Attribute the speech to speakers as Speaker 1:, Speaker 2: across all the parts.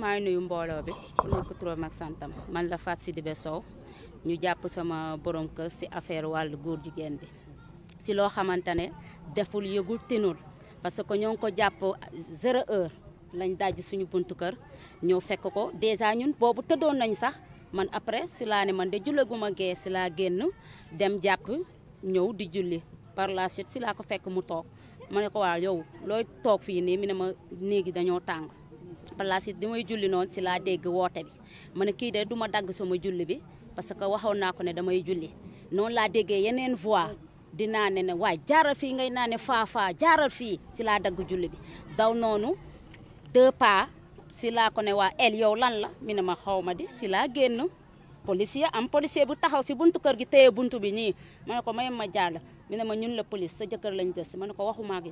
Speaker 1: maa ngi nuyu mbooloo bi ku nekk turam ak santam man la si Sidibé Sow ñu jàpp sama borom kër si affaire wàllu góor jigéen bi si loo xamante ne deful yëgul tinul parce que ñoo ko jàpp zéro heure lañ dajj suñu buntu kër ñëw fekk ko dèjà ñun boobu tëddoon nañ sax man après si laa ne man de jullaguma gee si laa génn dem jàpp ñëw di julli par la suite si laa ko fekk mu toog ma ne ko waa yow looy toog fii nii mi ne ma néegi dañoo tàng par la suite may julli noonu si laa dégg woote bi ma ne kii de du ma dagg sama julli bi parce que waxoon naa ko ne damay julli noonu laa déggee yeneen voix di naane ne waaye jaaral fii ngay naane faafaa jaaral fii si laa dagg julli bi daw noonu deux si laa ko ne waa el yow lan la mi ne ma xaw ma di si laa génn policier am policier bu taxaw si buntu kër gi téye buntu bi nii ma ne ko may ma jàll mi ne ma ñun la police sa jëkkër lañ des ma ne ko waxuma ak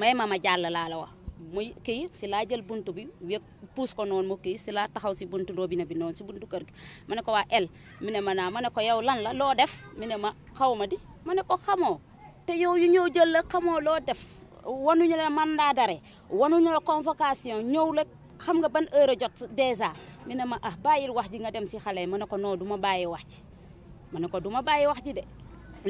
Speaker 1: may ma ma jàll laa wax muy kii si laa jël bunt bi yëpp puus ko noon mu kii si laa taxaw si bunt robinet bi noon si buntu kër gi ma ne ko waa el mi ne ma naa ma ne ko yow lan la loo def mi ne ma xaw ma di ma ne ko xamoo te yow yu ñëw jël la xamoo loo def wanuñu la mandat dare wanu la convocation ñëw la xam nga ban heure a dèjà mi ne ma ah bàyyil wax ji nga dem si xale yi ma ne ko noo du ma bàyyi wax ji ma ne ko du bàyyi wax ji de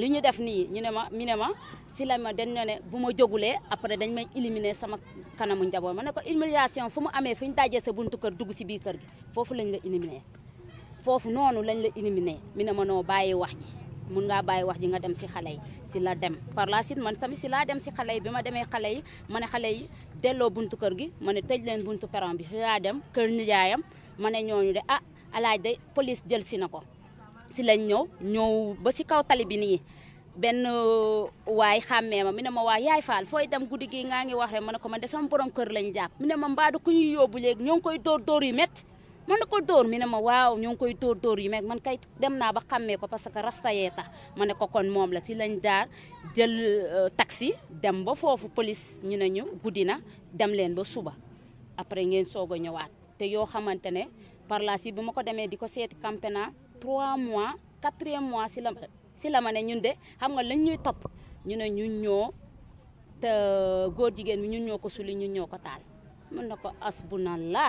Speaker 1: li ñu def nii ñu ne ma mi ne ma si la ma dem ne ne bu ma jógulee après dañ may éliminer sama kanamu njaboot ma ne ko humiliation fu mu amee fu ñu dajee sa buntu kër dugg si biir kër gi foofu lañ la éliminer foofu noonu lañ la éliminer mi ne ma noo bàyyi wax ji mun ngaa bàyyi wax ji nga dem si xale yi si la dem par la suite man tamit si laa dem si xale yi bi ma demee xale yi ma ne xale yi delloo buntu kër gi ma ne tëj leen buntu peron bi fi laa dem kër nijaayam ma ne ñooñu de ah alaaj de police jël si na ko si lañ ñëw ñëw ba si kaw tali bi nii benn waay xàmmee ma mi ne ma waa yaay faal fooy dem guddi gi ngaa ngi wax rek ma ne ko man de sama borom kër lañ jàpp mi ne ma mbaadu ku ñuy yóbbu léegi ñoo ngi koy dóor dóor yu métti man na ko door mi ne ma waaw ñoo ngi koy dóor dóor yu métti man kay dem naa ba xàmmee ko parce que rasta yee tax ma ne ko kon moom la si lañ daar jël euh, taxi dem ba foofu police ñu ne ñu guddi na dem leen ba suba après ngeen soog a ñëwaat te yoo xamante ne par la suite demee di ko seeti campena trois mois quatrième mois si la si la ma ne ñun de xam nga lañ ñuy topp ñu ne ñu ñoo te góor jigéen bi ñun ñoo ko suli ñu ñoo ko taal mën na ko la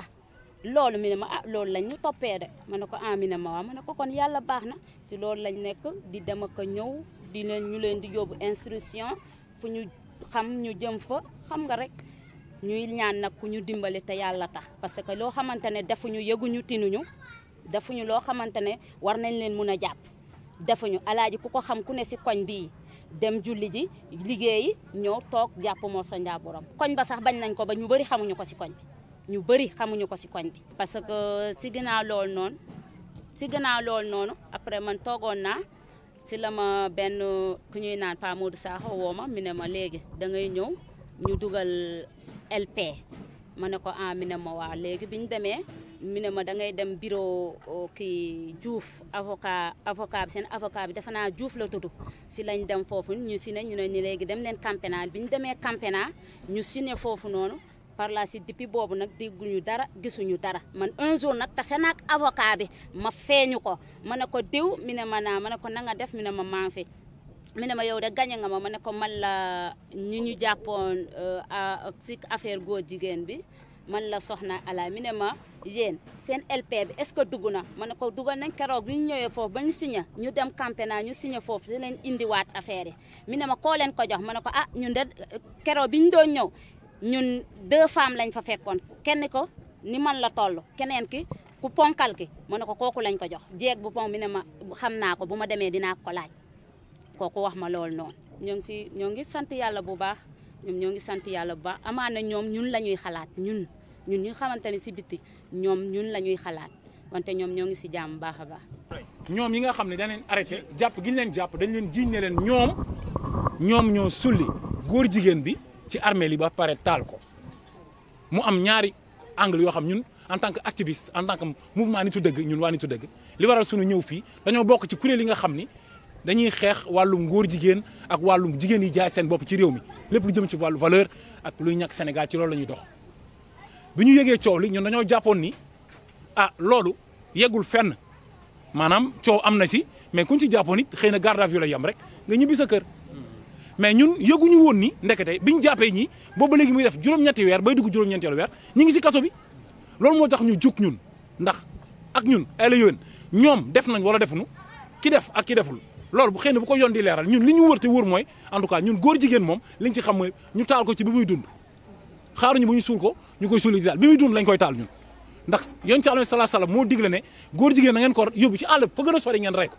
Speaker 1: loolu mi ne ma ah loolu lañ ñu toppee de ma ah, ne ko amina ma waaw ma ne ko kon yàlla baax na si loolu lañ nekk di dem ak a ñëw di leen ñu leen di yóbbu instruction fu ñu xam ñu jëm fa xam nga rek ñuy ñaan nag ku ñu dimbali te yàlla tax parce que loo xamante ne defuñu yëguñu tinuñu defuñu loo xamante ne war nañ leen mun a jàpp defuñu alaaji ku ko xam ku ne si koñ bii dem julli ji liggéeyi ñëw toog jàpp Mor Sandia Borom koñ ba sax bañ nañ ko ba ñu bëri xamuñu ko si koñ bi ñu bëri xamuñu ko si koñ bi parce que si euh, ginnaaw loolu noonu si ginnaaw lool noonu après man toogoon naa si la ma benn ku ñuy naan Pa Modou Sakho woo ma mi ne ma léegi da ngay ñëw ñu dugal LP ma ne ko ah mi ne ma waa léegi bi ñu demee mi ne ma da ngay dem bureau oh, kii Diouf avocat avoca bi seen avoca bi defe naa Diouf la tudd si lañ dem foofu ñu si nañ ñu ne ñu léegi dem leen camp pénal bi ñu demee camp pénal ñu signé foofu noonu par la suite depuis boobu nag dégguñu dara gisuñu dara man un jour nag tase naag avocat bi ma feeñu ko ma ne ko diw mi ne ma naa ma ne ko nanga def mi ne ma maa ngi fi mi ne ma yow de gañe nga ma ma ne ko man la ñu ñu jàppoon si euh, affaire góor jigéen bi man la soxna ala mi ma yéen seen LP bi est-ce que dugg na ma ne ko dugal nañ keroog bi ñu ñëwee foofu ba ñu signé ñu dem campagne naa ñu signé foofu si leen indiwaat affaire yi mi ne ma koo leen ko jox ma ne ko a ah, ñun de keroog bi ñu doon ñëw ñun deux femmes lañ fa fekkoon kenn ko ni man la toll keneen ki ku ponkal ki ma ne ko kooku lañ ko jox jeeg bu ponk mi ne ma xam naa ko bu ma demee dina dinaa ko laaj kooku wax ma lool noonu ñoo ngi si ñoo ngi sant yàlla bu baax ñoom ñoo ngi sant yàlla bu baax amaana ñoom ñun la ñuy xalaat ñun ñun ñu xamante ne si bitti ñoom ñun la ñuy xalaat wante ñoom ñoo ngi si jàmm baax a baax.
Speaker 2: ñoom yi nga xam ne dañ leen arrêté jàpp gi leen jàpp dañ leen jiiñ ne leen ñoom ñoom ñoo sulli góor jigéen bi ci armée li ba pare taal ko mu am ñaari angle yoo xam ñun en tant que activiste en tant que mouvement nitu dëgg ñun waa nitu dëgg li waral suñu ñëw fii dañoo bokk ci kuréel yi nga xam ni dañuy xeex wàllum góor jigéen ak wàllum jigéen yi jaay seen bopp ci réew mi lépp lu jëm ci wàllu valeur ak luy ñàkk Sénégal ci loolu la ñuy dox. bi ñu yëgee coow li ñun dañoo jàppoon ni ah loolu yeggul fenn maanaam coow am na si mais ku ci jàppoon it xëy na garde à vue la yam rek nga ñibbi sa kër. mais ñun yëguñu woon ni ndekete ñu jàppee ñi boobu léegi muy def juróom-ñetti weer bay dugg juróom-ñeenteelu weer ñi ngi si kaso bi loolu moo tax ñu jug ñun ndax ak ñun ay la yowén ñoom def nañ wala defuñu ki def ak ki deful loolu bu xëy na bu ko yoon di leeral ñun li ñu wër te wër mooy en tout cas ñun góor jigéen moom liñ ci xam mooy ñu taal ko ci bi muy dund xaaruñu bu ñu suul ko ñu koy suul di daal bi muy dund lañ ko taal ñun ndax yon ci alayhi salaatu moo digle ne góor jigéen na ngeen ko yóbbu ci àll fa gën a sori ngeen rey ko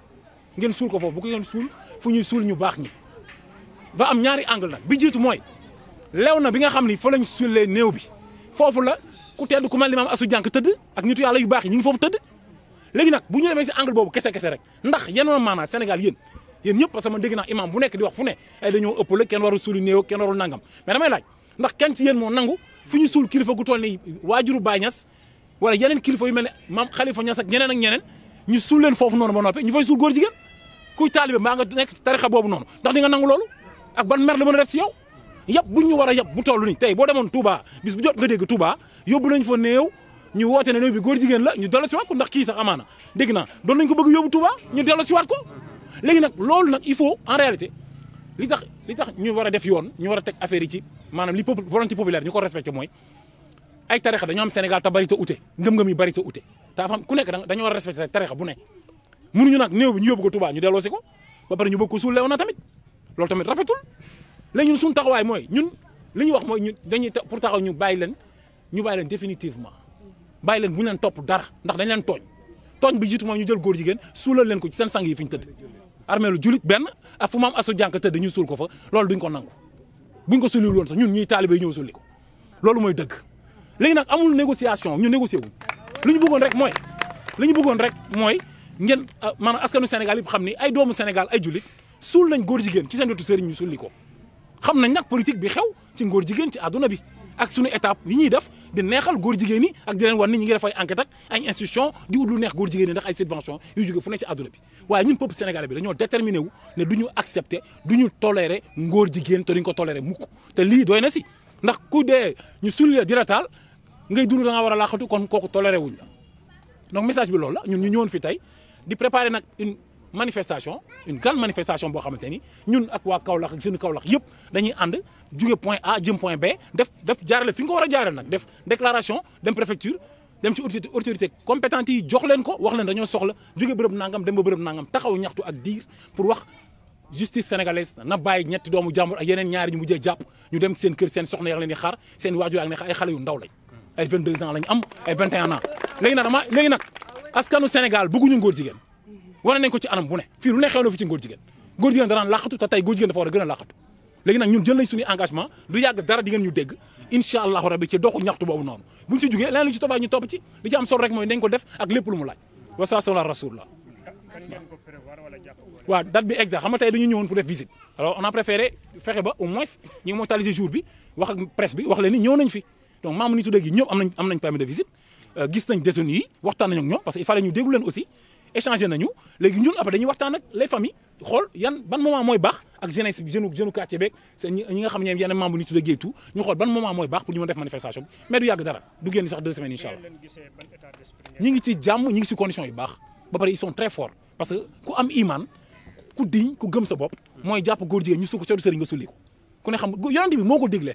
Speaker 2: ngeen ko foofu bu ko ngeen suul fu ñuy suul ñu baax ñi ba am ñaari angle nag bi jiitu mooy lew na bi nga xam ni fa lañ suulee néew bi foofu la ku tedd ku mel ni maam asu jànk tëdd ak nitu yàlla yu baax yi ñu ngi foofu tëdd léegi nag bu ñu demee si angle boobu kese kese rek ndax yan woon maanaam Sénégal yéen yen ñëpp a que man na naa bu nekk di wax fu ne dañoo ëpp la kenn warul suuli néew kenn nangam mais damay laaj ndax kenn ci yéen moo nangu fu ñu suul kilifa gu toll nii waajuru Baay Ñas wala yeneen kilifa yu mel ne maam Xalifa Ñas ak ñeneen ak ñeneen ñu suul leen foofu noonu ba noppi ñu fay suul góor jigéen kuy taalibe maa nga nekk ci boobu noonu ndax di nga nangu loolu ak ban mer la mën a def si yow yàpp buñ ñu war a yàpp bu toll nii tey boo demoon Touba bis bu jot nga dégg Touba yóbbu nañ fa néew ñu woote ne néew bi góor jigéen la ñu dello siwaat ko ndax kii sax amaana dégg naa doon nañ ko bëgg yóbbu Touba ñu dello siwaat ko léegi nag loolu nag il faut en li tax li tax ñu war a def yoon ñu war a teg affaire yi maanaam li volonté populaire ñu ko respecté mooy ay tarixa dañoom am Sénégal te bari te ute ngëm-ngëm yi bari te ute te afam ku nekk dañoo war a respecté tarixa bu nekk mënuñu nag néew bi ñu yóbbu ko Touba ñu delloosi ko ba pare ñu bëgg ko suul leew tamit loolu tamit rafetul léegi ñun suñu taxawaay mooy ñun li ñu wax mooy ñun dañuy pour taxaw ñu bàyyi leen ñu bàyyi leen définitivement bàyyi leen bu ñu leen topp dara ndax dañ leen tooñ tooñ bi jiitu mooy ñu jël góor jigéen suulal leen ko ci seen sang yi ñu tëdd armée lu julit benn ak fu mu am asu ko fa loolu duñ ko nangu buñ ko sulliwul woon sax ñun ñiy taalibe ñëw sulli ko loolu mooy dëgg léegi nag amul négociation ñu négocier wuñ li ñu bëggoon rek mooy li ñu bëggoon rek mooy ngeen ah, maanaam askanu Sénégal yëpp xam ni ay doomu Sénégal ay jullit suul nañ góor jigéen ci seen wetu sëriñ ñu sulli ko xam nañ nag politique bi xew ci ngóor jigéen ci àdduna bi ak sunu étape yi ñuy def di neexal góor jigéen ñi ak di leen wan ni ñu ngi def ay enquête ak ay institution di ut lu neex góor jigéen ñi ndax ay subvention yu jóge fu ne ci àdduna bi waaye ñun peuple sénégalais bi dañoo déterminé ne du ñu accepté du ñu toléré ngóor jigéen te duñ ko toléré mukk te lii dooy na si ndax ku dee ñu sulli la di rataal ngay dund da ngaa war a laaxatu kon kooku toléré wuñ la donc message bi loolu la ñun ñu ñëwoon fi tey di préparer manifestation une grande manifestation boo xamante ni ñun ak waa Kaolack ak jeune Kaolack yëpp dañuy ànd jóge point A jëm point B def def jaarale fi nga ko a jaarale nag def déclaration dem préfecture dem ci autorité autorité compétente yi jox leen ko wax leen dañoo soxla jóge bërëb nangam dem ba bërëb nangam taxaw ñaxtu ak diir pour wax justice sénégalaise na bàyyi ñetti doomu jàmbur ak ñaari ñu mujjee jàpp ñu dem seen kër seen soxna yaa leen di seen waajur ak ne ay xale yu ndaw lañ ay 22 ans lañ am ay 21 ans léegi nag dama léegi nag askanu Sénégal bëgguñu jigéen waa nañ ko ci ana bu ne fii lu ne xew na fi ci góor jigéen góor jigéen danaan làqatu te tey góor jigéen dafa war a gën a làqatu léegi nag ñun jël nañ engagement du yàgg dara di ngeen ñu dégg incha ci doxu ñaxtu boobu ko def ak lépp lu mu laaj wasasala rasulullah waaw date bi exact xam nga tey dañu ñëwoon pour def visite alors on a préféré fexe ba au moins ñu mortaliser jour bi wax ak presse bi wax leen ni ñëw nañ fi donc membre nitu dégg yi ñëpp am nañ am nañ permis euh, leen aussi échangé nañu léegi ñun après dañuy waxtaan ak les familles xool yan ban moment mooy baax ak jeunesse bi jeune jeune quartier beeg ñi nga xam ne yeneen membre ñu tuddee Géeytu ñu xool ban moment mooy baax pour ñu mën def manifestation bi mais du yàgg dara du génn sax deux semaines incha allah ñi ngi ci jàmm ñi ngi ci conditions yu baax ba pare ils sont très forts parce que ku am iman ku diñ ku gëm sa bopp mooy jàpp góor jigéen ñu su se seetu sëriñ nga sulli ko ku ne xam yonent bi moo ko digle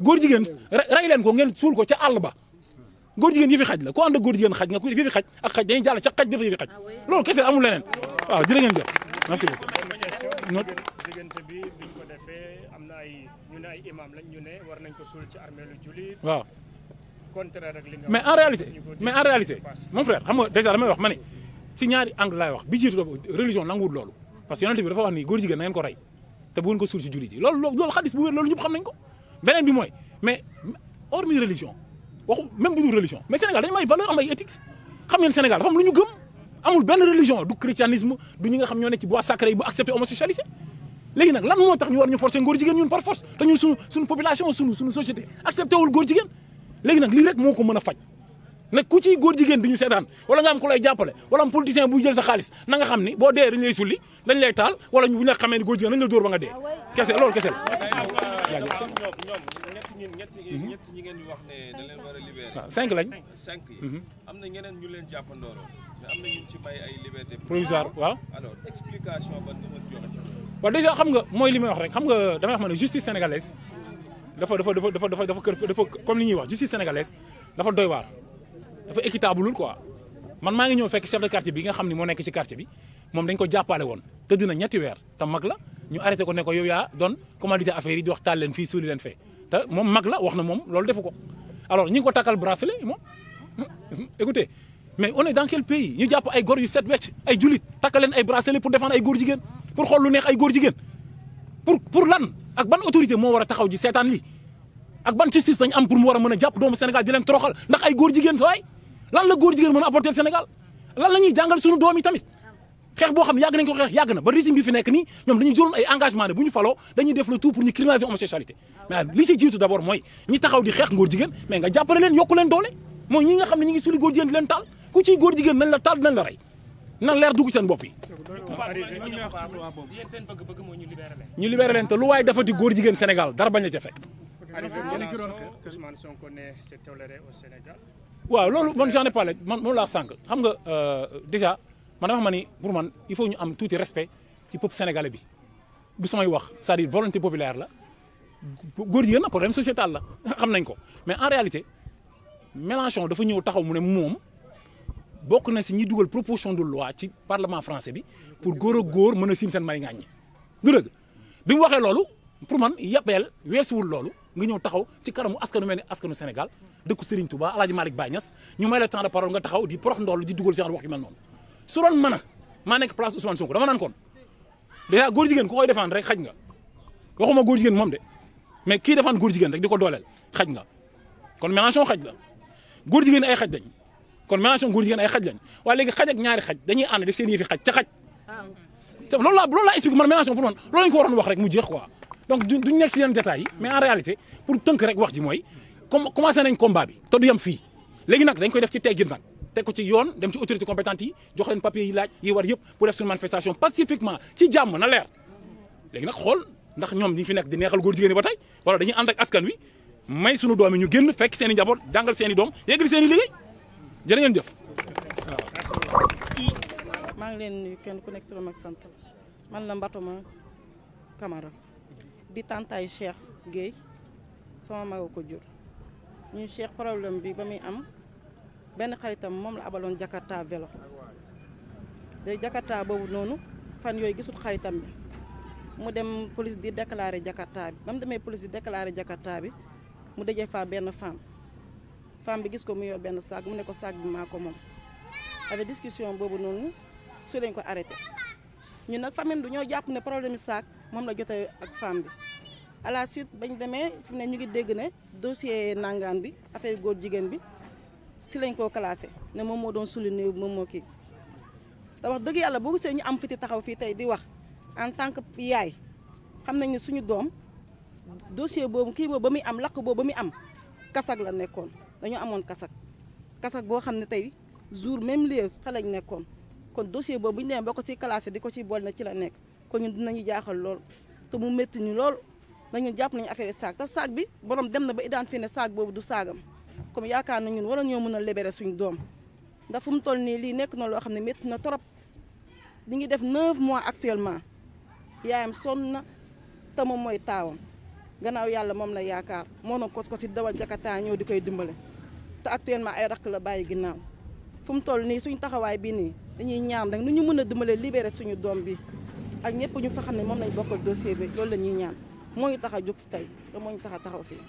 Speaker 2: leen ko ngeen suul ko ca àll ba góor jigéen yëfi xaj la ku ànd ak góor jigéen xaj nga ku yëfi xaj ak xaj dañuy jàll ca xaj dafa yëfi xaj ah loolu kese amul leneen waaw jërë ngeen jëf merci beaucoup. diggante bi biñ ko defee am na ay ñu ne ay imam lañ ñu ne war nañ ko suul ci armeelu jullit. waaw contraire ak li nga mais en réalité mais en réalité mon frère xam nga déjà damay wax ma ne si ñaari angle laay wax bi jiitu religion nanguwul loolu parce que yonent bi dafa wax ni góor jigéen na ngeen ko rey te bu ngeen ko suul ci jullit yi loolu loolu xadis bu wér loolu ñëpp xam nañ ko beneen bi mooy mais hormis religion waxu même bu dul religion mais Sénégal dañu am ay valeur am ay éthique xam Sénégal dafa am lu ñu gëm amul benn religion du christianisme du ñi nga xam ñoo nekk ci bois sacré yi bu accepté homosexualité léegi nag lan moo tax ñu war ñu forcer ngóor jigéen ñun par force te ñun suñu suñu population société accepté wul góor léegi nag lii rek moo ko mën a faj nag ku ciy góor jigéen di ñu seetaan wala nga am ku lay jàppale wala am politicien buy jël sa xaalis na nga xam boo dee dañ lay sulli dañ lay taal wala cinq ñoom ñoom ñetti ñi ñetti ñetti ñi ngeen di wax ne da leen war a libéré. cinq lañ. cinq yi. am na ñeneen ñu leen jàppandooroon mais am na ñu ci may ay liberté provisoire waaw alors déjà xam nga mooy li may wax rek xam nga damay wax ma ne justice sénégalaise dafa dafa dafa dafa dafa dafa dafa comme li ñuy wax justice sénégalaise dafa doy waar dafa équitable lul quoi man maa ngi ñëw fekk chef de quartier bi nga xam ne moo nekk ci quartier bi moom dañ ko jàppale woon tëdd na ñetti weer te la ñu arrêté ko ne ko yow yaa doon commandité affaire yi di wax taal leen fii suuli leen fee te moom mag la wax na moom loolu defu ko alors ñi ngi ko takkal bracelet moom écoutez mais on est dans quel pays ñu jàpp ay gor yu set wecc ay julit takkal leen ay bracelet pour défendre ay góor jigéen pour xool lu neex ay góor jigéen pour pour lan ak ban autorité moo war a taxaw ji seetaan lii ak ban justice dañ am pour mu war a a jàpp doomu Sénégal di leen toroxal ndax ay góor jigéen sa waay lan la góor jigéen mën a apporter Sénégal lan la ñuy jàngal suñu doom yi tamit xeex boo xam yàgg nañ ko xeex yàgg na ba régime bi fi ñoom dañuy jëloon engagement ne bu ñu faloo dañuy def le tout pour ñu criminaliser homosexualité li si jiitu d' mooy ñi taxaw di xeex góor jigéen mais nga jàppale leen yokku leen doole mooy ñi nga ne ñi lu waaye dafa di jigéen Sénégal dara bañ la man dama xam pour man il faut ñu am tuuti respect ci peuple sénégalais bi du samay wax c'est-à-dire volonté populaire la góor jigéen nag problème sociétal la xam nañ ko mais en réalité Mélenchon dafa ñëw taxaw mu ne moom bokk na si ñi dugal proposition de loi ci parlement français bi pour góor a góor mën a sim seen may ngaaññi du dëgg bi mu waxee loolu pour man yabeel weesuwul loolu nga ñëw taxaw ci kanamu askanu mel ni askanu Sénégal dëkku Serigne Touba El Hadj Malick Baye Niass ñu may la temps de parole dugal genre wax yu mel su doon mën a maa nekk place Ousmane Sonko dama naan kon dèjà góor jigéen ko koy defaan rek xaj nga waxuma góor jigéen moom de mais kii défendre góor jigéen rek di ko dooleel xaj nga kon Mélenchon xaj la góor jigéen ay xaj lañ kon Mélenchon góor jigéen ay xaj lañ waaye léegi xaj ak ñaari xaj dañuy ànd def seen yëfi xaj ca xaj
Speaker 1: ah,
Speaker 2: loolu laa loolu laa expliqué man Mélenchon pour ko waroon wax rek mu jeex quoi donc duñ nekk si yenn détails yi mais en pour tënk rek wax ji mooy comme commencé nañ combat bi te du yem fii léegi nag dañ koy def ci teggin nag teg ci yoon dem ci autorité compétente yi jox leen papier yi laaj yi war yëpp pour def suñu manifestation pacifiquement ci jàmm na leer léegi nag xool ndax ñoom ñi fi nekk di neexal góor jigéen ba tey wala dañuy ànd ak askan wi may sunu doom yi ñu génn fekk seen i njaboot jàngal doom yeggali seen i liggéey jërë
Speaker 3: maa ngi leen nuyu kenn ku nekk turam ak sant man la Mbatoma Camara di tàntaay Cheikh Guèye sama mag ko jur ñu Cheikh problème bi ba muy am. benn xaritam moom la abaloon Jakarta vélo de Jakarta boobu noonu fan yooyu gisul xaritam bi mu dem police di déclarer Jakarta bi ba mu demee police di déclarer Jakarta bi mu dajee fa benn femme femme bi gis ko mu benn saag mu ne ko saag bi maa ko moom avec boobu noonu su lañ ko arrêté ñun nag famille du jàpp ne problème saag moom la jotee ak femme bi bañ demee fi ne ñu ngi dégg ne dossier nangaan bi affaire góor jigéen bi si lañ koo classé ne moom moo doon suli néew moom moo kii te wax dëgg yàlla boo gisee ñu am fiti taxaw fii tey di wax en tant que yaay xam nañ ne suñu doom dossier boobu kii boobu ba muy am lakk boobu ba muy am kasak la nekkoon dañoo amoon kasak kasak boo xam ne tey jour même lieu fa lañ nekkoon kon dossier boobu bu ñu demee ba ko si classé di ko ci boole na ci la nekk kon ñun dinañu jaaxal lool te mu métti ñu lool dañu jàpp nañu affaire saag te bi borom dem na ba identifié ne saag boobu du saagam comme yaakaar na ñun a ñoo mën a libérer suñu doom ndax fu mu toll nii lii nekk na loo xam ne métti na trop ñu ngi def 9 mois actuellement yaayam sonn na te moom mooy taawam gannaaw yàlla moom la yaakaar moo doon kos dawal jakataa ñëw di koy dimbale te actuellement ay rakk la bàyyi ginnaaw fu mu toll nii suñ taxawaay bii nii dañuy ñaan rek nu ñu mën a dimbale libérer suñu doom bi ak ñëpp ñu fa xam ne moom lañ bokkal dossier bi loolu la ñuy ñaan moo ñu tax a jóg tey te moo ñu tax a taxaw fii.